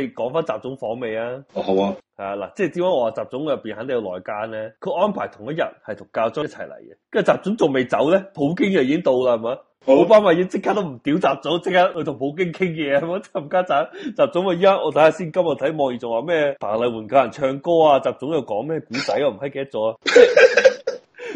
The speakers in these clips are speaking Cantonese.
你講翻習總訪未啊？哦好啊，係啊嗱，即係點解我話習總入邊肯定有內奸咧，佢安排同一日係同教宗一齊嚟嘅，跟住習總仲未走咧，普京又已經到啦，係嘛？奧好巴馬已經即刻都唔屌習總，即刻去同普京傾嘢，係嘛？冚家鏟習總啊，而家我睇下先，今日睇網頁仲話咩？彭麗媛教人唱歌啊，習總又講咩古仔，我唔閪記得咗。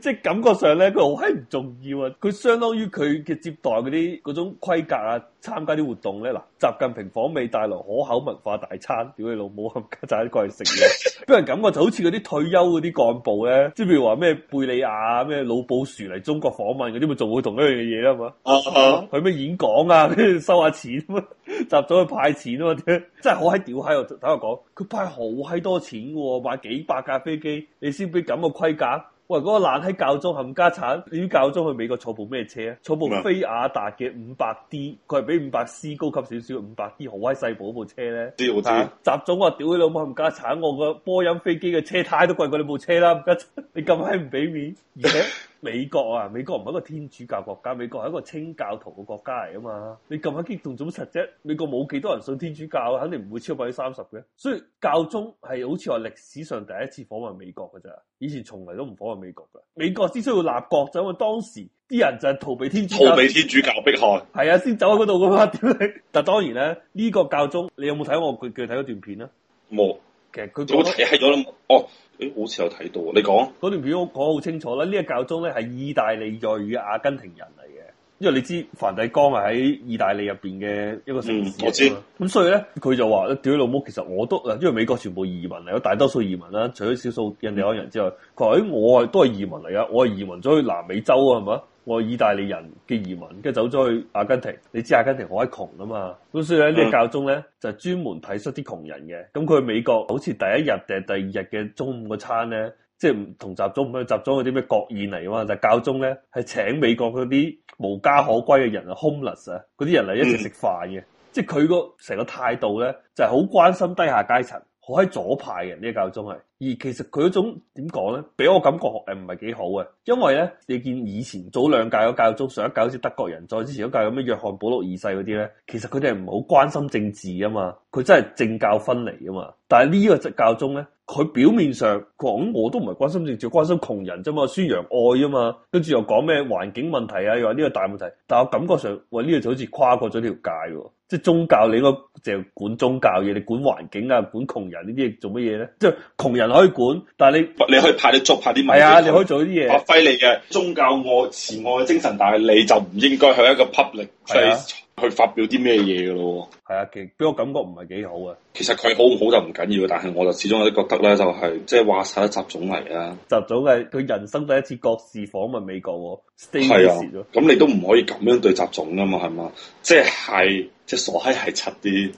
即係感覺上咧，佢好閪唔重要啊！佢相當於佢嘅接待嗰啲嗰種規格啊，參加啲活動咧嗱，習近平訪美帶來可口文化大餐，屌你老母，咁就一個嚟食嘢俾人感覺就好似嗰啲退休嗰啲幹部咧，即係譬如話咩貝利亞咩老布殊嚟中國訪問嗰啲，咪做佢同一樣嘅嘢啊嘛，佢咩、uh huh. 演講啊， 收下錢嘛、啊，集咗去派錢啊嘛，即係好閪屌喺度喺度講，佢派好閪多錢嘅、啊、喎，買幾百架飛機，你先俾咁嘅規格。喂，嗰、那個爛喺教宗冚家鏟，你教宗去美國坐部咩車啊？坐部菲亞達嘅五百 D，佢係比五百 C 高級少少，五百 D 好閪細部部車咧。知我知，雜種我屌你老母冚家鏟，我個波音飛機嘅車胎都貴過你部車啦，冚家鏟你咁閪唔俾面，而且。美國啊，美國唔係一個天主教國家，美國係一個清教徒嘅國家嚟啊嘛。你咁啊激動做乜柒啫？美國冇幾多人信天主教，肯定唔會超過百分之三十嘅。所以教宗係好似話歷史上第一次訪問美國嘅咋。以前從嚟都唔訪問美國噶。美國先需要立國，就因為當時啲人就係逃避天主教，逃避天主教迫害。係啊，先走喺嗰度噶嘛。但當然咧，呢、呢個教宗你有冇睇我佢佢睇咗段片啊？冇。其實佢睇係咗啦，哦，誒好似有睇到你講嗰段表我講好清楚啦，呢、這個教宗咧係意大利裔嘅阿根廷人嚟嘅，因為你知梵蒂岡係喺意大利入邊嘅一個城市，嗯、我知，咁所以咧佢就話，屌老母，其實我都因為美國全部移民嚟，有大多數移民啦，除咗少數印第安人之外，佢話誒，我係都係移民嚟噶，我係移民咗去南美洲啊，係咪我意大利人嘅移民，跟住走咗去阿根廷。你知阿根廷好閪窮啊嘛，咁所以咧呢個教宗咧就係、專門睇出啲窮人嘅。咁佢去美國好似第一日定第二日嘅中午個餐咧，即係唔同集中，唔係集中嗰啲咩國宴嚟㗎嘛。但係教宗咧係請美國嗰啲無家可歸嘅人啊，homeless 啊，嗰啲人嚟一齊食飯嘅。嗯、即係佢個成個態度咧就係、是、好關心低下階層，好閪左派嘅呢、呢個教宗係。而其實佢嗰種點講咧，俾我感覺誒唔係幾好嘅。因為咧，你見以前早兩屆嘅教宗，上一屆好似德國人，再之前一屆咁樣約翰保祿二世嗰啲咧，其實佢哋係唔係好關心政治啊嘛？佢真係政教分離啊嘛？但係呢個教宗咧，佢表面上講我都唔係關心政治，我關心窮人啫嘛，宣揚愛啊嘛，跟住又講咩環境問題啊，又話呢個大問題。但係我感覺上，喂，呢個就好似跨過咗條界喎，即係宗教你應該淨係管宗教嘢，你管環境啊，管窮人呢啲做乜嘢咧？即係窮人。可以管，但係你你可以派啲捉拍啲咪？係啊，你可以做啲嘢。發揮你嘅宗教愛慈愛精神，但係你就唔應該向一個 public、啊，去去發表啲咩嘢嘅咯。係啊，其實俾我感覺唔係幾好啊。其實佢好唔好，好就唔緊要，但係我就始終有啲覺得咧，就係、是、即係話晒一習總嚟啊。習總係佢人生第一次國事訪問美國，state 咁，你都唔可以咁樣對習總噶嘛？係嘛？即係即係傻閪，係七啲。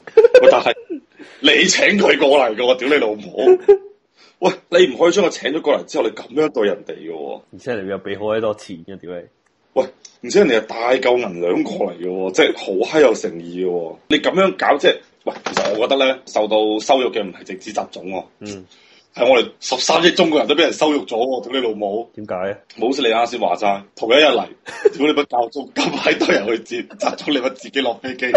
但係你請佢過嚟嘅，我屌你老母！喂，你唔可以將我請咗過嚟之後，你咁樣對人哋嘅、哦。而且你又俾好多錢嘅、啊，屌你！喂，而且人哋又帶嚿銀兩個過嚟嘅、哦，即係好嗨有誠意嘅、哦。你咁樣搞，即係喂。其實我覺得咧，受到羞辱嘅唔係殖子雜種，嗯，係我哋十三億中國人都俾人羞辱咗。屌你老母！點解？冇似你啱先話齋，同一日嚟，屌 你咪教宗咁閪多人去接，雜種你咪自己落飛機。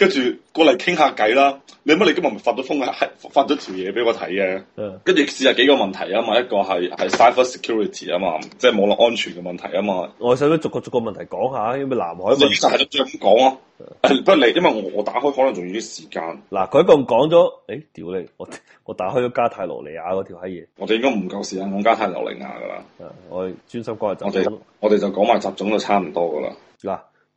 跟住過嚟傾下偈啦，你乜你今日咪發咗封，發咗條嘢俾我睇嘅，跟住的試下幾個問題啊嘛，一個係係 cyber security 啊嘛，即係網絡安全嘅問題啊嘛，我哋想逐個逐個問題講下，因為南海問題，其實係最唔講咯、啊，的不過你，因為我打開可能仲要啲時間，嗱，佢一共講咗，誒、哎，屌你，我我打開咗加泰羅尼亞嗰條閪嘢，我哋應該唔夠時間講加泰羅尼亞噶啦，我專心講集種，我哋我哋就講埋集種都差唔多噶啦，嗱。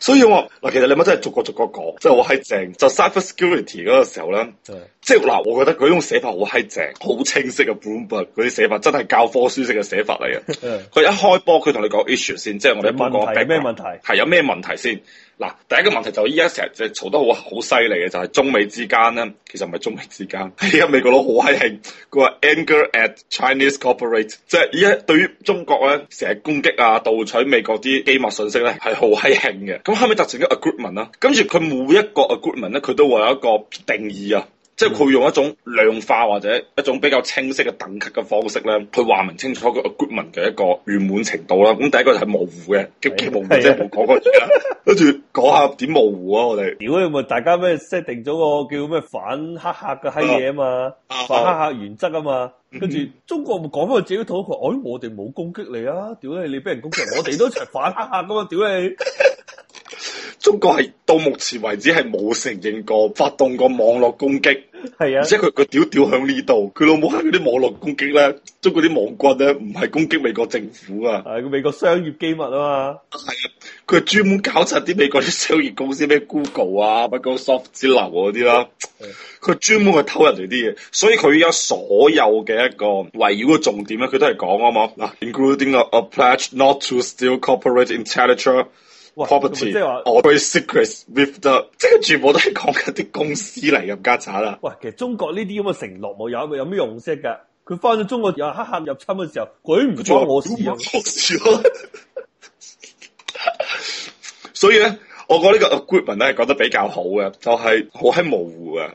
所以我嗱，其實你咪真係逐個逐個講，即係好閪正。就 cybersecurity 嗰個時候咧，對即係嗱，我覺得嗰種寫法好閪正，好清晰㗎。Bloomberg，嗰啲寫法真係教科書式嘅寫法嚟嘅。佢 一開波，佢同你講 issue 先，即係我哋一開講係咩問題，係有咩問題先。嗱，第一個問題就依家成日即係嘈得好好犀利嘅，就係、是、中美之間咧，其實唔係中美之間。依家美國佬好閪興，佢話 anger at Chinese corporate，即係依家對於中國咧成日攻擊啊盜取美國啲機密信息咧係好閪興嘅。咁後尾達成咗 agreement 啦，跟住佢每一個 agreement 咧，佢都會有一個定義啊，即係佢用一種量化或者一種比較清晰嘅等級嘅方式咧，去話明清楚個 agreement 嘅一個圓滿程度啦。咁第一個就係模糊嘅，極極模糊，即係冇講個字啦，跟住。講下點模糊啊！我哋屌你咪大家咩 set 定咗個叫咩反黑客嘅閪嘢啊嘛，啊反黑客原則啊嘛，跟、嗯、住中國咪講翻自己套一句，哎我哋冇攻擊你啊，屌你你俾人攻擊， 我哋都一齊反黑客噶、啊、嘛，屌、啊、你！中國係到目前為止係冇承認過發動過網絡攻擊。係啊，而且佢佢屌屌響呢度，佢老母喺嗰啲網絡攻擊咧，捉嗰啲網軍咧，唔係攻擊美國政府啊，係佢、啊、美國商業機密啊嘛，係啊，佢專、啊、門搞砸啲美國啲商業公司咩 Google 啊、Microsoft 之流嗰啲啦，佢專、啊、門去偷人哋啲嘢，所以佢而家所有嘅一個圍繞嘅重點咧，佢都係講啊嘛，嗱，including a, a pledge not to steal corporate intelligence。即係話我最 secrets with the，即係全部都係講緊啲公司嚟入家產啦。喂，其實中國呢啲咁嘅承諾冇有，有咩用先噶？佢翻到中國有黑客入侵嘅時候，舉唔住我事，事啊！ 所以咧，我覺得呢個 agreement 咧，講得比較好嘅，就係好喺模糊啊。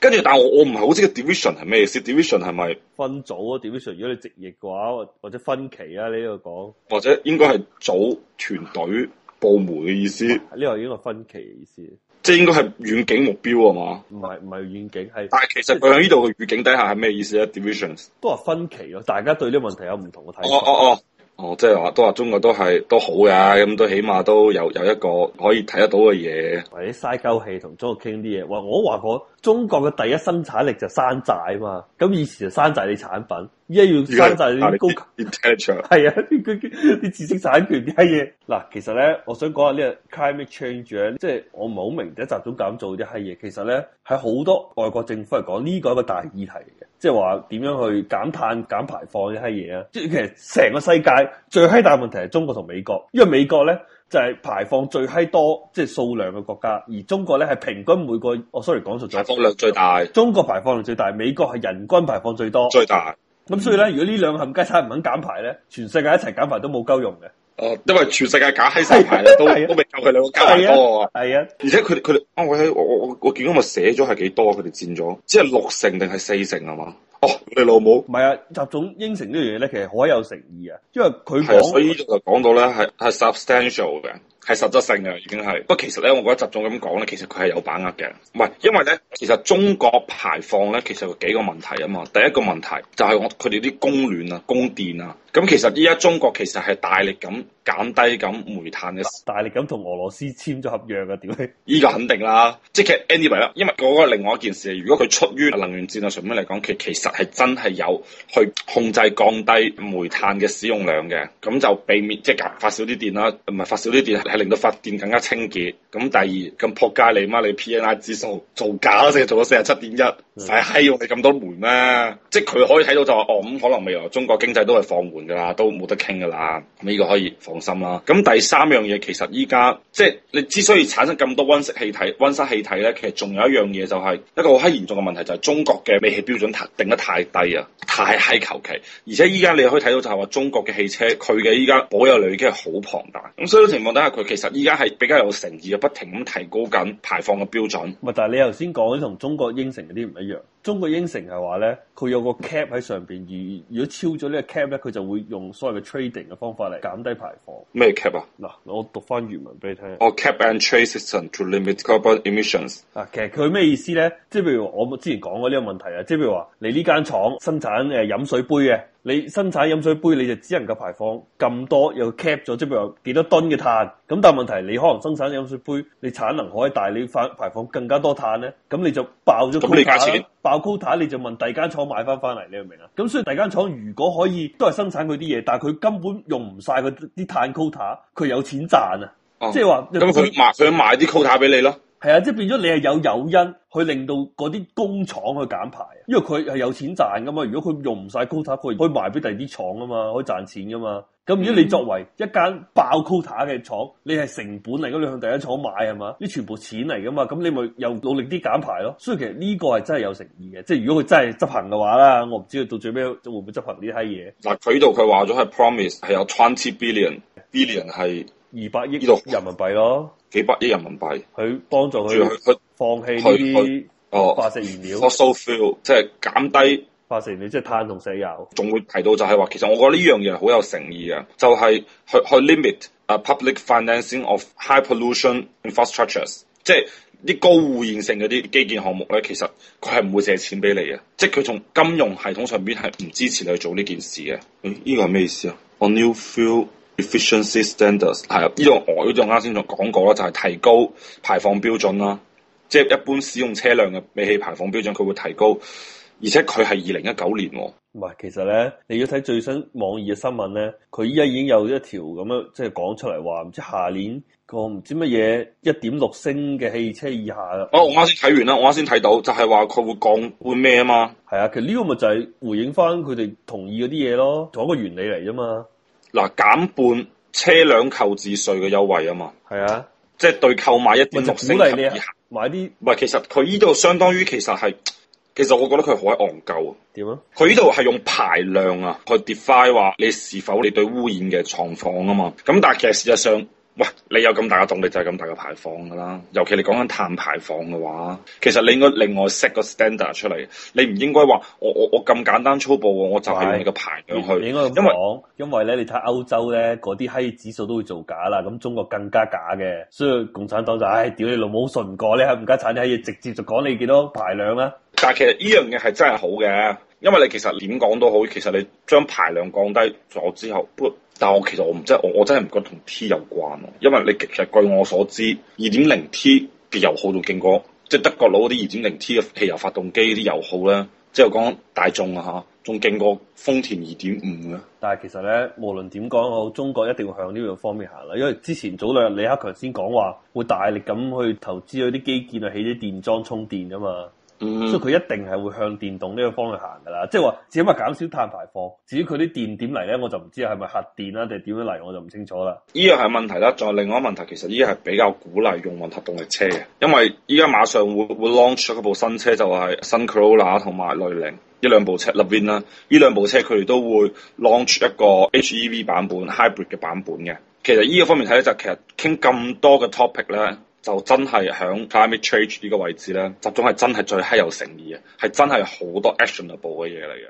跟住，但係我我唔係好知個 division 係咩意思？division 係咪分組啊？division 如果你直譯嘅話，或者分歧啊呢度講，或者應該係組團隊部門嘅意思。呢個應該係分歧嘅意思，即係應該係遠景目標啊嘛。唔係唔係遠景係。但係其實佢喺呢度嘅遠景底下係咩意思咧？啊。divisions 都係分歧咯，大家對呢個問題有唔同嘅睇法。哦哦哦。哦，即係話都話中國都係都好嘅，咁都起碼都有有一個可以睇得到嘅嘢，或者嘥鳩氣同中國傾啲嘢，話我話我，中國嘅第一生產力就山寨啊嘛，咁以前就山寨啲產品。而家要山寨啲高級 intellectual 係啊，啲知識產權啲閪嘢。嗱，其實咧，我想講下呢個 climate change，即係我唔係好明點集中減做啲閪嘢。其實咧，喺好多外國政府嚟講，呢個一個大議題嚟嘅，即係話點樣去減碳減排放啲閪嘢啊！即係其實成個世界最閪大問題係中國同美國，因為美國咧就係排放最閪多，即係數量嘅國家，而中國咧係平均每個，我 sorry 講錯咗，排放量最大。中國排放量最大，美國係人均排放最多。最大。咁、嗯、所以咧，如果呢兩冚家鏟唔肯減排咧，全世界一齊減排都冇夠用嘅。哦，uh, 因為全世界假減排咧 都都未夠佢兩個加多 啊。係啊，而且佢佢、哦，我喺我我我見到咪寫咗係幾多佢哋佔咗，即係六成定係四成啊嘛？哦，你老母唔係啊？習總應承呢樣嘢咧，其實好有誠意啊，因為佢講、啊，所以就講到咧係係 substantial 嘅。係實質性嘅，已經係。不過其實咧，我覺得習總咁講咧，其實佢係有把握嘅。唔係，因為咧，其實中國排放咧，其實有幾個問題啊嘛。第一個問題就係我佢哋啲供暖啊、供電啊。咁其實依家中國其實係大力咁減低咁煤炭嘅，大力咁同俄羅斯簽咗合約嘅、啊。點呢？依個肯定啦，即係 anyway 啦，因為嗰個另外一件事，如果佢出於能源戰略上面嚟講，佢其，其實係真係有去控制降低煤炭嘅使用量嘅，咁就避免即係發少啲電啦，唔係發少啲電係令到發電更加清潔。咁第二，咁撲街你媽你 PNI 指數造假先做咗四十七點一，使閪用你咁多煤咩？即係佢可以睇到就話哦，咁可能未來中國經濟都係放緩。噶啦，都冇得傾噶啦，咁呢個可以放心啦。咁第三樣嘢其實依家即係你之所以產生咁多溫室氣體，溫室氣體咧，其實仲有一樣嘢就係一個好閪嚴重嘅問題，就係中國嘅尾氣標準定得太低啊，太閪求其。而且依家你可以睇到就係話中國嘅汽車佢嘅依家保有量已經係好龐大，咁所以情況底下佢其實依家係比較有誠意啊，不停咁提高緊排放嘅標準。喂，但係你頭先講啲同中國應承嗰啲唔一樣。中國應承係話咧，佢有個 cap 喺上邊，如如果超咗呢個 cap 咧，佢就會用所謂嘅 trading 嘅方法嚟減低排放。咩 cap 啊？嗱，我讀翻原文俾你聽。Or cap and trade system to limit carbon emissions。啊，其實佢咩意思咧？即係譬如我之前講過呢個問題啊，即係譬如話，你呢間廠生產誒飲水杯嘅。你生產飲水杯，你就只能夠排放咁多，又 cap 咗，即譬如話幾多噸嘅碳。咁但問題，你可能生產飲水杯，你產能可以大，你反排放更加多碳咧。咁你就爆咗，你價錢爆 quota 你就問第二間廠買翻翻嚟，你明唔明啊？咁所以第二間廠如果可以都係生產佢啲嘢，但係佢根本用唔晒佢啲碳 quota，佢有錢賺啊！嗯、即係話咁佢想賣佢啲 quota 俾你咯。係啊，即係變咗你係有誘因去令到嗰啲工廠去減排，因為佢係有錢賺噶嘛。如果佢用唔晒 quota，佢可以賣俾第二啲廠啊嘛，可以賺錢噶嘛。咁如果你作為一間爆 quota 嘅廠，你係成本嚟，如果你向第一廠買係嘛，你全部錢嚟噶嘛，咁你咪又努力啲減排咯。所以其實呢個係真係有誠意嘅，即係如果佢真係執行嘅話啦，我唔知道到最尾會唔會執行呢啲嘢。嗱，佢度佢話咗係 promise 係有 twenty billion billion 係。二百億呢人民幣咯，幾百億人民幣，佢幫助佢去放棄去啲化石燃料，fossil fuel，即係減低化石燃料，即係碳同石油。仲會提到就係話，其實我覺得呢樣嘢好有誠意啊，就係、係、去去 limit 啊、uh, public financing of high pollution infrastructures，即係啲高污染性嗰啲基建項目咧，其實佢係唔會借錢俾你嘅，即係佢從金融系統上邊係唔支持你去做呢件事嘅。呢個係咩意思啊？A new fuel。efficiency standards 係呢度我呢個啱先就講過啦，就係提高排放標準啦，即係一般使用車輛嘅尾氣排放標準，佢會提高，而且佢係二零一九年、哦。唔係，其實咧你要睇最新網易嘅新聞咧，佢依家已經有一條咁樣即係講出嚟，話唔知下年個唔知乜嘢一點六升嘅汽車以下哦、啊。我啱先睇完啦，我啱先睇到就係話佢會降，會咩啊嘛？係啊，其實呢個咪就係回應翻佢哋同意嗰啲嘢咯，同一個原理嚟啫嘛。嗱，減半車輛購置稅嘅優惠啊嘛，係啊，即係對購買一點六升及以下買啲些，唔係其實佢依度相當於其實係，其實我覺得佢好喺戇鳩啊。點啊？佢依度係用排量啊，去 define 話你是否你對污染嘅狀況啊嘛。咁但係其實事實上。喂，你有咁大嘅動力就係、是、咁大嘅排放噶啦，尤其你講緊碳排放嘅話，其實你應該另外 set 個 standard 出嚟，你唔應該話我我我咁簡單粗暴我就係用你個排量去。你應該咁講，因為咧你睇歐洲咧嗰啲閪指數都會做假啦，咁中國更加假嘅，所以共產黨就唉、哎，屌你老母，好順過你係唔加產你可以直接就講你幾多排量啦、啊。但係其實呢樣嘢係真係好嘅，因為你其實點講都好，其實你將排量降低咗之後，但係我其實我唔知，我真係唔覺得同 T 有關，因為你其實據我所知，二點零 T 嘅油耗仲勁過，即係德國佬啲二點零 T 嘅汽油發動機啲油耗咧，即係講大眾啊嚇，仲勁過豐田二點五啊。但係其實咧，無論點講，我中國一定要向呢個方面行啦，因為之前早兩日李克強先講話，會大力咁去投資嗰啲基建啊，起啲電樁充電啊嘛。嗯、所以佢一定係會向電動呢個方向行噶啦，即係話只係減少碳排放。至於佢啲電點嚟？咧，我就唔知係咪核電啦、啊，定係點樣嚟，我就唔清楚啦。呢樣係問題啦，再另外一個問題，其實依家係比較鼓勵用混合動力車嘅，因為依家馬上會會 launch 咗部新車就係、是、新 Corolla 同埋雷凌呢兩部車入邊啦。呢兩部車佢哋都會 launch 一個 HEV 版本，hybrid 嘅版本嘅。其實呢個方面睇咧，就其實傾咁多嘅 topic 咧。就真係響 climate change 呢個位置咧，集中係真係最係有誠意嘅，係真係好多 actionable 嘅嘢嚟嘅。